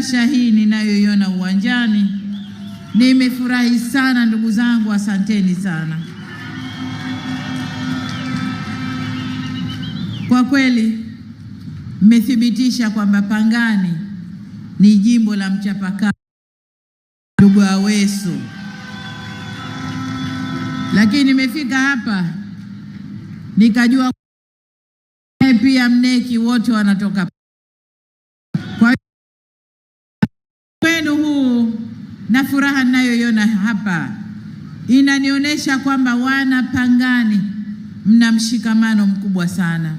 Kasha hii ninayoiona uwanjani nimefurahi sana ndugu zangu, asanteni sana kwa kweli, mmethibitisha kwamba Pangani ni jimbo la mchapakazi ndugu Aweso, lakini nimefika hapa nikajua pia Mneki wote wanatoka wenu huu na furaha ninayoiona hapa inanionyesha kwamba wana Pangani mna mshikamano mkubwa sana,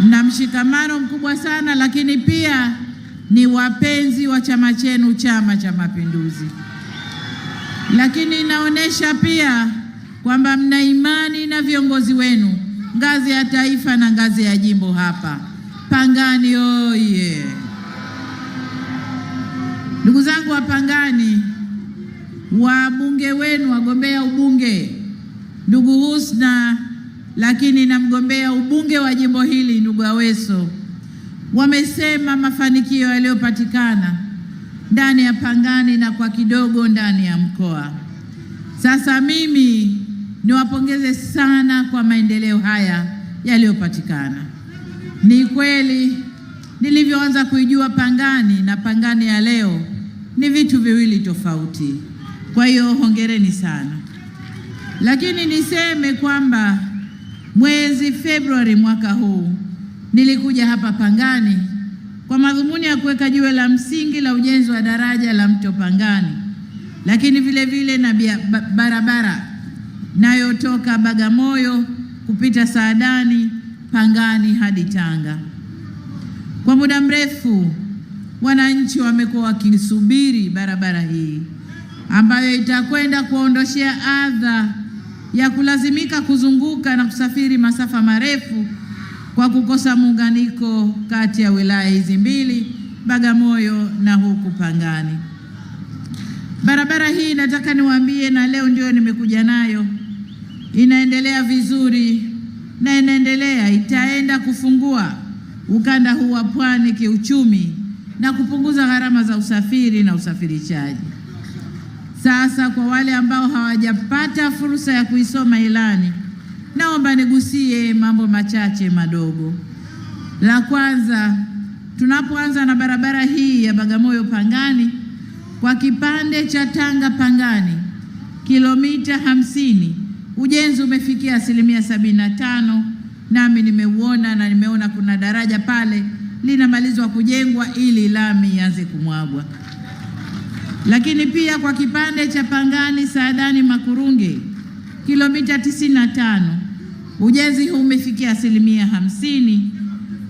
mna mshikamano mkubwa sana, lakini pia ni wapenzi wa chama chenu, Chama cha Mapinduzi. Lakini inaonyesha pia kwamba mna imani na viongozi wenu ngazi ya taifa na ngazi ya jimbo hapa Pangani oye oh yeah. Ndugu zangu wapangani, wabunge wenu, wagombea ubunge, ndugu Husna lakini na mgombea ubunge wa jimbo hili ndugu Aweso wamesema mafanikio yaliyopatikana ndani ya Pangani na kwa kidogo ndani ya mkoa. Sasa mimi niwapongeze sana kwa maendeleo haya yaliyopatikana. Ni kweli nilivyoanza kuijua Pangani na Pangani ya leo ni vitu viwili tofauti. Kwa hiyo hongereni sana, lakini niseme kwamba mwezi Februari mwaka huu nilikuja hapa Pangani kwa madhumuni ya kuweka jiwe la msingi la ujenzi wa daraja la mto Pangani, lakini vile vile na barabara nayotoka Bagamoyo kupita Saadani Pangani hadi Tanga. Kwa muda mrefu wananchi wamekuwa wakisubiri barabara hii ambayo itakwenda kuondoshea adha ya kulazimika kuzunguka na kusafiri masafa marefu kwa kukosa muunganiko kati ya wilaya hizi mbili, Bagamoyo na huku Pangani. Barabara hii nataka niwaambie, na leo ndio nimekuja nayo, inaendelea vizuri na inaendelea itaenda kufungua ukanda huu wa pwani kiuchumi na kupunguza gharama za usafiri na usafirishaji. Sasa kwa wale ambao hawajapata fursa ya kuisoma ilani, naomba nigusie mambo machache madogo. La kwanza, tunapoanza na barabara hii ya Bagamoyo Pangani, kwa kipande cha Tanga Pangani kilomita hamsini, ujenzi umefikia asilimia sabini na tano, nami nimeuona na nimeona kuna daraja pale linamalizwa kujengwa ili lami ianze kumwagwa. Lakini pia kwa kipande cha Pangani Saadani Makurunge kilomita 95 ujenzi huu umefikia asilimia hamsini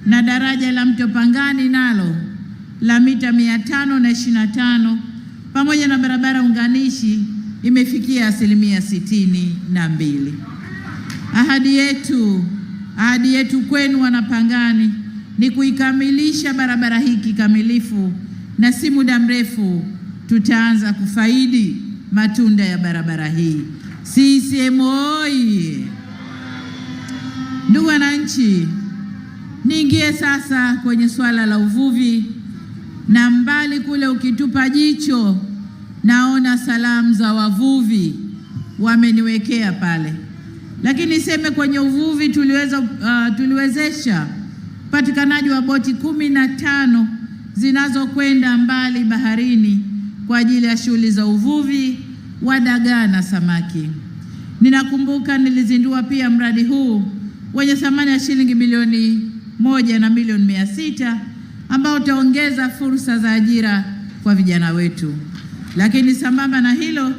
na daraja la mto Pangani nalo la mita mia tano na ishirini tano pamoja na barabara unganishi imefikia asilimia sitini na mbili. Ahadi yetu, ahadi yetu kwenu wanapangani ni kuikamilisha barabara hii kikamilifu, na si muda mrefu tutaanza kufaidi matunda ya barabara hii. CCM oyee! Ndugu wananchi, niingie sasa kwenye swala la uvuvi, na mbali kule ukitupa jicho naona salamu za wavuvi wameniwekea pale, lakini niseme kwenye uvuvi tuliweza, uh, tuliwezesha upatikanaji wa boti kumi na tano zinazokwenda mbali baharini kwa ajili ya shughuli za uvuvi wa dagaa na samaki. Ninakumbuka nilizindua pia mradi huu wenye thamani ya shilingi milioni moja na milioni mia sita ambao utaongeza fursa za ajira kwa vijana wetu. Lakini sambamba na hilo,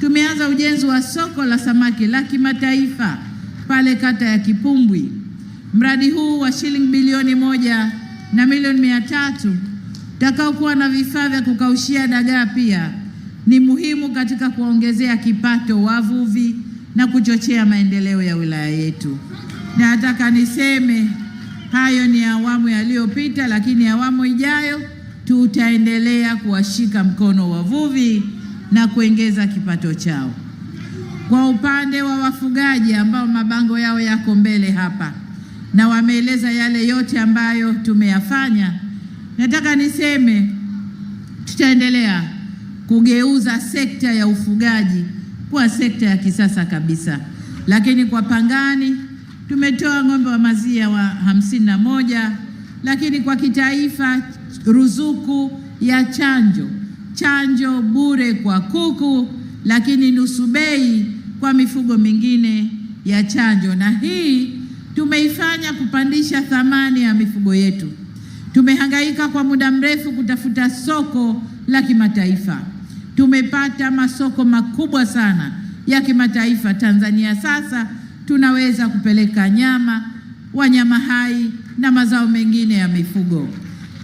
tumeanza ujenzi wa soko la samaki la kimataifa pale kata ya Kipumbwi mradi huu wa shilingi bilioni moja na milioni mia tatu utakaokuwa na vifaa vya kukaushia dagaa pia ni muhimu katika kuongezea kipato wavuvi na kuchochea maendeleo ya wilaya yetu. Na nataka niseme hayo ni awamu yaliyopita, lakini awamu ijayo tutaendelea kuwashika mkono wavuvi na kuongeza kipato chao. Kwa upande wa wafugaji ambao mabango yao yako mbele hapa na wameeleza yale yote ambayo tumeyafanya. Nataka niseme tutaendelea kugeuza sekta ya ufugaji kuwa sekta ya kisasa kabisa. Lakini kwa Pangani tumetoa ng'ombe wa maziwa wa hamsini na moja, lakini kwa kitaifa ruzuku ya chanjo chanjo bure kwa kuku, lakini nusu bei kwa mifugo mingine ya chanjo na hii tumeifanya kupandisha thamani ya mifugo yetu. Tumehangaika kwa muda mrefu kutafuta soko la kimataifa. Tumepata masoko makubwa sana ya kimataifa. Tanzania sasa tunaweza kupeleka nyama, wanyama hai na mazao mengine ya mifugo.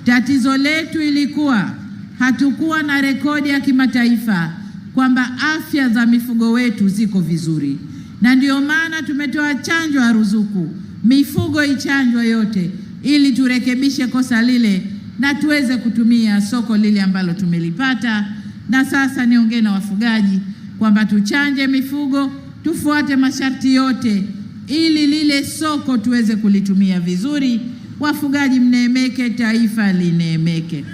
Tatizo letu ilikuwa hatukuwa na rekodi ya kimataifa kwamba afya za mifugo wetu ziko vizuri, na ndiyo maana tumetoa chanjo ya ruzuku mifugo ichanjwe yote, ili turekebishe kosa lile na tuweze kutumia soko lile ambalo tumelipata. Na sasa niongee na wafugaji kwamba tuchanje mifugo, tufuate masharti yote, ili lile soko tuweze kulitumia vizuri. Wafugaji mneemeke, taifa lineemeke.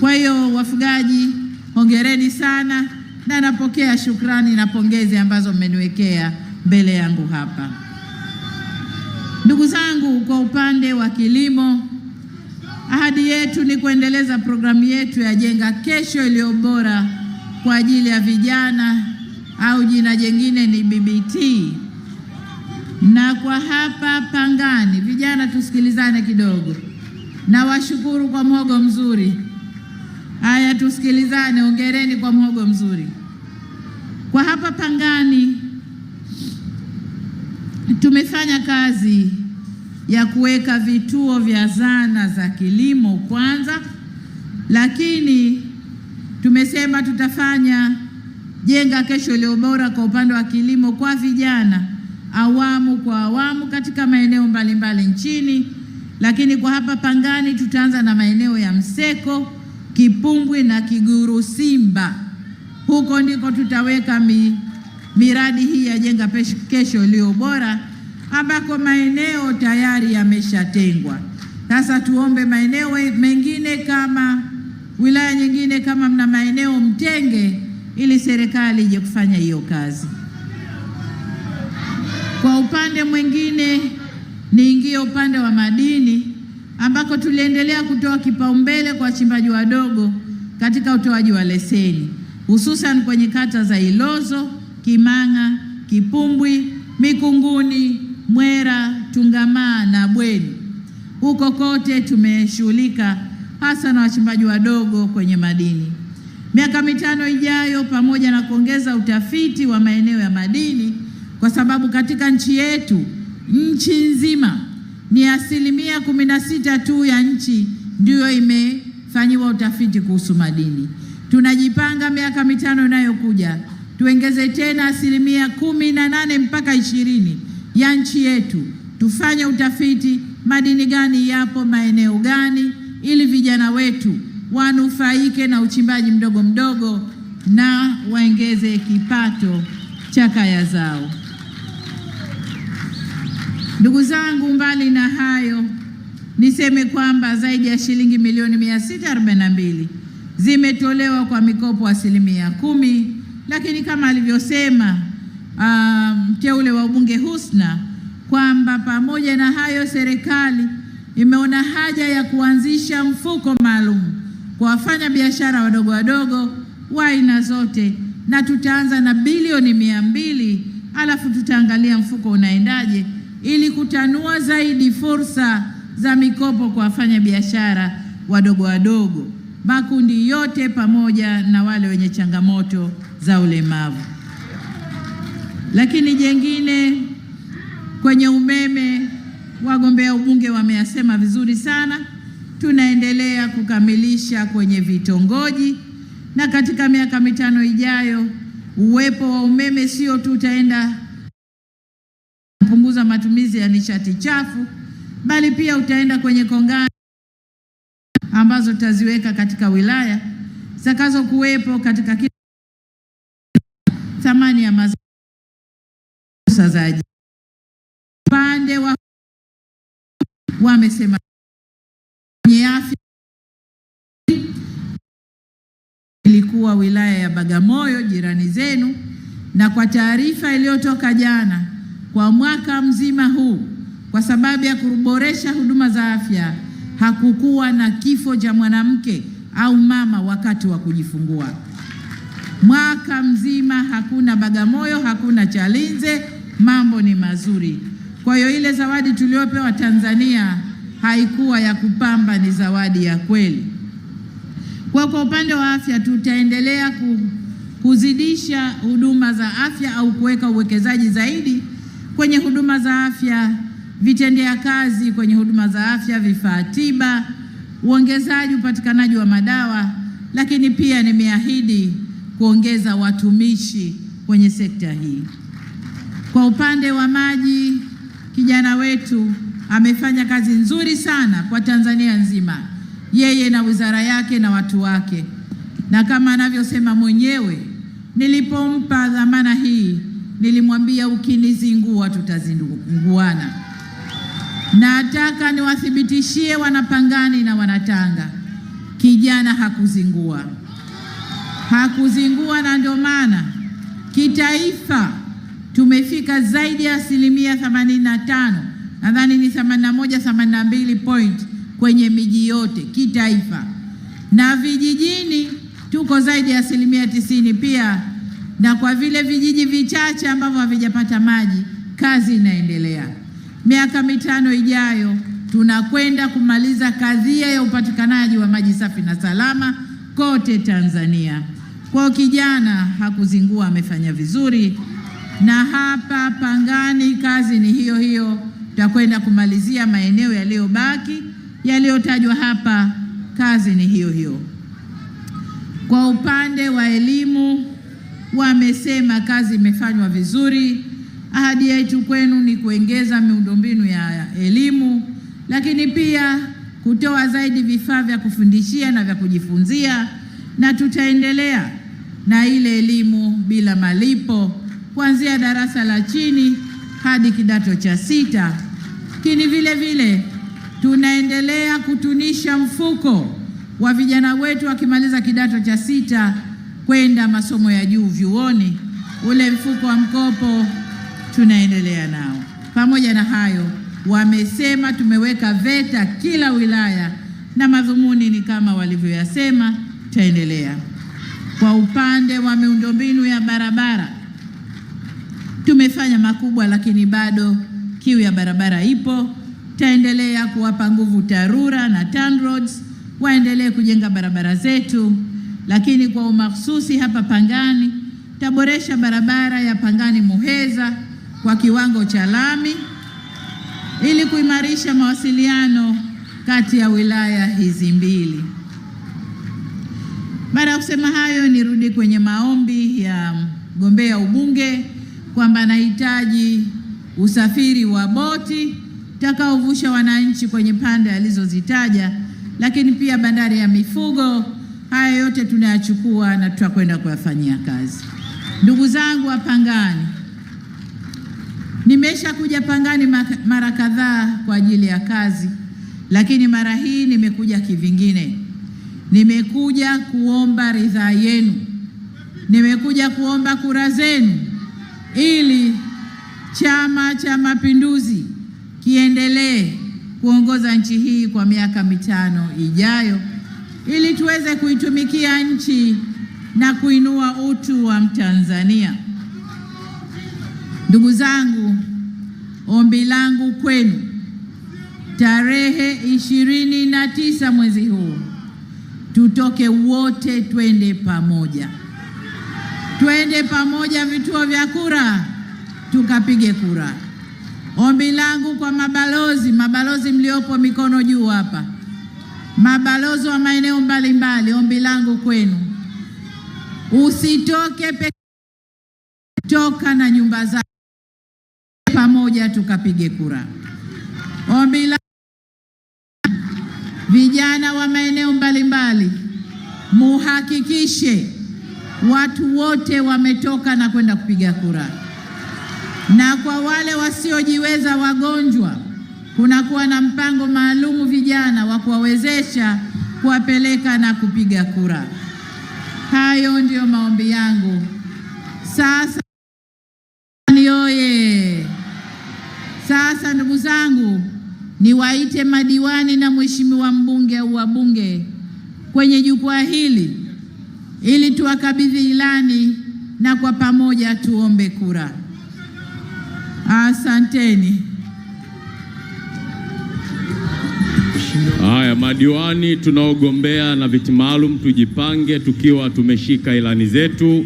Kwa hiyo wafugaji, hongereni sana, na napokea shukrani na pongezi ambazo mmeniwekea mbele yangu hapa. Ndugu zangu, kwa upande wa kilimo, ahadi yetu ni kuendeleza programu yetu ya Jenga Kesho iliyo bora kwa ajili ya vijana au jina jengine ni BBT. Na kwa hapa Pangani, vijana tusikilizane kidogo. Nawashukuru kwa mhogo mzuri. Haya, tusikilizane. Ongereni kwa mhogo mzuri. Kwa hapa Pangani tumefanya kazi ya kuweka vituo vya zana za kilimo kwanza, lakini tumesema tutafanya jenga kesho iliyo bora kwa upande wa kilimo kwa vijana awamu kwa awamu katika maeneo mbalimbali mbali nchini, lakini kwa hapa Pangani tutaanza na maeneo ya Mseko, Kipumbwi na Kiguru Simba. Huko ndiko tutaweka mi, miradi hii ya jenga kesho iliyo bora ambako maeneo tayari yameshatengwa. Sasa tuombe maeneo mengine kama wilaya nyingine, kama mna maeneo mtenge, ili serikali ije kufanya hiyo kazi. Kwa upande mwingine, niingie upande wa madini ambako tuliendelea kutoa kipaumbele kwa wachimbaji wadogo katika utoaji wa leseni hususan kwenye kata za Ilozo, Kimang'a, Kipumbwi, Mikunguni Mwera, Tungamaa na Bweni. Huko kote tumeshughulika hasa na wachimbaji wadogo kwenye madini. Miaka mitano ijayo, pamoja na kuongeza utafiti wa maeneo ya madini, kwa sababu katika nchi yetu, nchi nzima ni asilimia kumi na sita tu ya nchi ndiyo imefanyiwa utafiti kuhusu madini. Tunajipanga miaka mitano inayokuja tuongeze tena asilimia kumi na nane mpaka ishirini ya nchi yetu, tufanye utafiti madini gani yapo maeneo gani, ili vijana wetu wanufaike na uchimbaji mdogo mdogo na waongeze kipato cha kaya zao. Ndugu zangu, mbali na hayo niseme kwamba zaidi ya shilingi milioni 642 zimetolewa kwa mikopo asilimia kumi, lakini kama alivyosema mteule um, wa ubunge Husna kwamba pamoja na hayo serikali imeona haja ya kuanzisha mfuko maalum kwa wafanya biashara wadogo wadogo wa aina zote, na tutaanza na bilioni mia mbili alafu tutaangalia mfuko unaendaje ili kutanua zaidi fursa za mikopo kwa wafanya biashara wadogo wadogo, makundi yote pamoja na wale wenye changamoto za ulemavu. Lakini jengine kwenye umeme, wagombea ubunge wameyasema vizuri sana. Tunaendelea kukamilisha kwenye vitongoji, na katika miaka mitano ijayo uwepo wa umeme sio tu utaenda kupunguza matumizi ya nishati chafu, bali pia utaenda kwenye kongani ambazo tutaziweka katika wilaya kuwepo katika utangazaji. Upande wa wamesema kwenye afya ilikuwa wilaya ya Bagamoyo, jirani zenu, na kwa taarifa iliyotoka jana, kwa mwaka mzima huu, kwa sababu ya kuboresha huduma za afya, hakukuwa na kifo cha mwanamke au mama wakati wa kujifungua. Mwaka mzima hakuna Bagamoyo, hakuna Chalinze mambo ni mazuri. Kwa hiyo ile zawadi tuliopewa Tanzania haikuwa ya kupamba, ni zawadi ya kweli. Kwa kwa upande wa afya, tutaendelea kuzidisha huduma za afya au kuweka uwekezaji zaidi kwenye huduma za afya, vitendea kazi kwenye huduma za afya, vifaa tiba, uongezaji upatikanaji wa madawa, lakini pia nimeahidi kuongeza watumishi kwenye sekta hii. Kwa upande wa maji, kijana wetu amefanya kazi nzuri sana kwa Tanzania nzima, yeye na wizara yake na watu wake, na kama anavyosema mwenyewe, nilipompa dhamana hii nilimwambia ukinizingua, tutazinguana. Nataka niwathibitishie Wanapangani na Wanatanga, kijana hakuzingua, hakuzingua, na ndio maana kitaifa zaidi ya asilimia 85, nadhani ni 81, 82 point kwenye miji yote kitaifa, na vijijini tuko zaidi ya asilimia tisini pia, na kwa vile vijiji vichache ambavyo havijapata maji, kazi inaendelea. Miaka mitano ijayo tunakwenda kumaliza kadhia ya upatikanaji wa maji safi na salama kote Tanzania. Kwa kijana hakuzingua, amefanya vizuri na hapa Pangani kazi ni hiyo hiyo. Tutakwenda kumalizia maeneo yaliyobaki yaliyotajwa hapa, kazi ni hiyo hiyo. Kwa upande wa elimu, wamesema kazi imefanywa vizuri. Ahadi yetu kwenu ni kuongeza miundombinu ya elimu, lakini pia kutoa zaidi vifaa vya kufundishia na vya kujifunzia, na tutaendelea na ile elimu bila malipo kuanzia darasa la chini hadi kidato cha sita. Lakini vile vile tunaendelea kutunisha mfuko wa vijana wetu wakimaliza kidato cha sita kwenda masomo ya juu vyuoni. Ule mfuko wa mkopo tunaendelea nao. Pamoja na hayo, wamesema tumeweka VETA kila wilaya, na madhumuni ni kama walivyoyasema, taendelea Kwa upande wa miundombinu ya barabara Tumefanya makubwa, lakini bado kiu ya barabara ipo. Taendelea kuwapa nguvu TARURA na TANROADS waendelee kujenga barabara zetu, lakini kwa umahususi hapa Pangani taboresha barabara ya Pangani Muheza kwa kiwango cha lami ili kuimarisha mawasiliano kati ya wilaya hizi mbili. Baada ya kusema hayo, nirudi kwenye maombi ya mgombea ubunge kwamba anahitaji usafiri wa boti takaovusha wananchi kwenye pande alizozitaja, lakini pia bandari ya mifugo. Haya yote tunayachukua na tutakwenda kuyafanyia kazi. Ndugu zangu wa Pangani, nimeshakuja Pangani mara kadhaa kwa ajili ya kazi, lakini mara hii nimekuja kivingine. Nimekuja kuomba ridhaa yenu, nimekuja kuomba kura zenu ili Chama cha Mapinduzi kiendelee kuongoza nchi hii kwa miaka mitano ijayo ili tuweze kuitumikia nchi na kuinua utu wa Mtanzania. Ndugu zangu, ombi langu kwenu, tarehe ishirini na tisa mwezi huu tutoke wote twende pamoja twende pamoja vituo vya kura tukapige kura. Ombi langu kwa mabalozi, mabalozi mliopo mikono juu hapa, mabalozi wa maeneo mbalimbali, ombi langu kwenu, usitoke peke, toka na nyumba zako pamoja tukapige kura. Ombi langu vijana wa maeneo mbalimbali, muhakikishe watu wote wametoka na kwenda kupiga kura, na kwa wale wasiojiweza, wagonjwa, kunakuwa na mpango maalumu vijana wa kuwawezesha kuwapeleka na kupiga kura. Hayo ndiyo maombi yangu sasa. Oye! Sasa ndugu zangu, niwaite madiwani na mheshimiwa mbunge au wabunge kwenye jukwaa hili ili tuwakabidhi ilani na kwa pamoja tuombe kura. Asanteni. Haya, madiwani tunaogombea na viti maalum tujipange tukiwa tumeshika ilani zetu.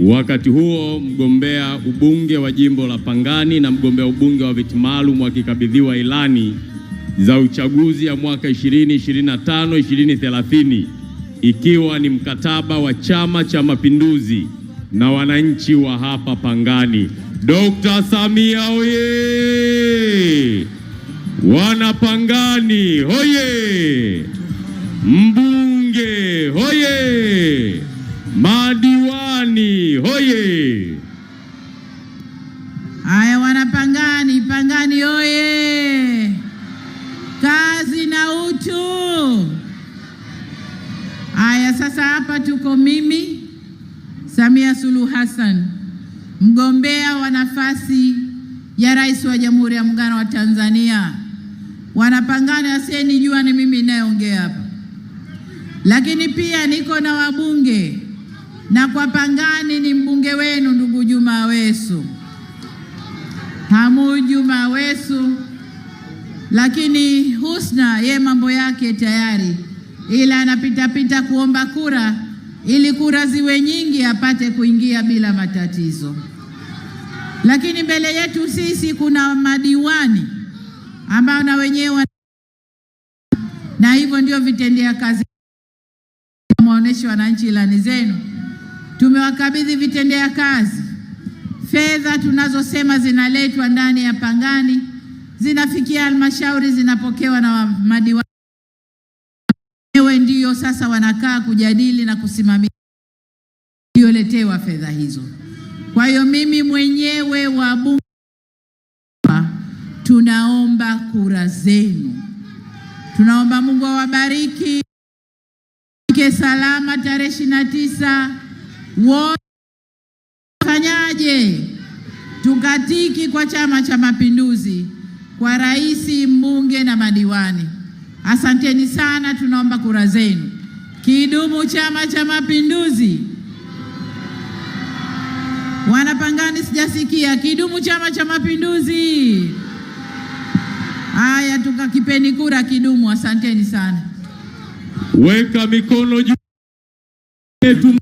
Wakati huo mgombea ubunge wa jimbo la Pangani na mgombea ubunge wa viti maalum wakikabidhiwa ilani za uchaguzi ya mwaka 2025 2030 ikiwa ni mkataba wa Chama cha Mapinduzi na wananchi wa hapa Pangani. Dr. Samia oye! Wana Pangani hoye! Mbu Hassan mgombea wa nafasi ya rais wa Jamhuri ya Muungano wa Tanzania. Wanapangana, jua ni mimi ninayeongea hapa, lakini pia niko na wabunge na kwa Pangani ni mbunge wenu ndugu Juma Aweso Hamu Juma Aweso, lakini Husna ye mambo yake tayari, ila anapitapita kuomba kura ili kura ziwe nyingi apate kuingia bila matatizo. Lakini mbele yetu sisi kuna madiwani ambao na wenyewe na hivyo ndio vitendea kazi. maonesho wananchi ilani zenu, tumewakabidhi vitendea kazi. Fedha tunazosema zinaletwa ndani ya Pangani zinafikia halmashauri, zinapokewa na madiwani sasa wanakaa kujadili na kusimamia iliyoletewa fedha hizo. Kwa hiyo mimi mwenyewe wa bunge tunaomba kura zenu, tunaomba Mungu awabariki ke salama tarehe ishirini na tisa wote fanyaje tukatiki kwa Chama cha Mapinduzi, kwa rais, mbunge na madiwani. Asanteni sana, tunaomba kura zenu. Kidumu Chama cha Mapinduzi! Wanapangani, sijasikia. Kidumu Chama cha Mapinduzi! Haya, tukakipeni kura kidumu. Asanteni sana. Weka mikono juu.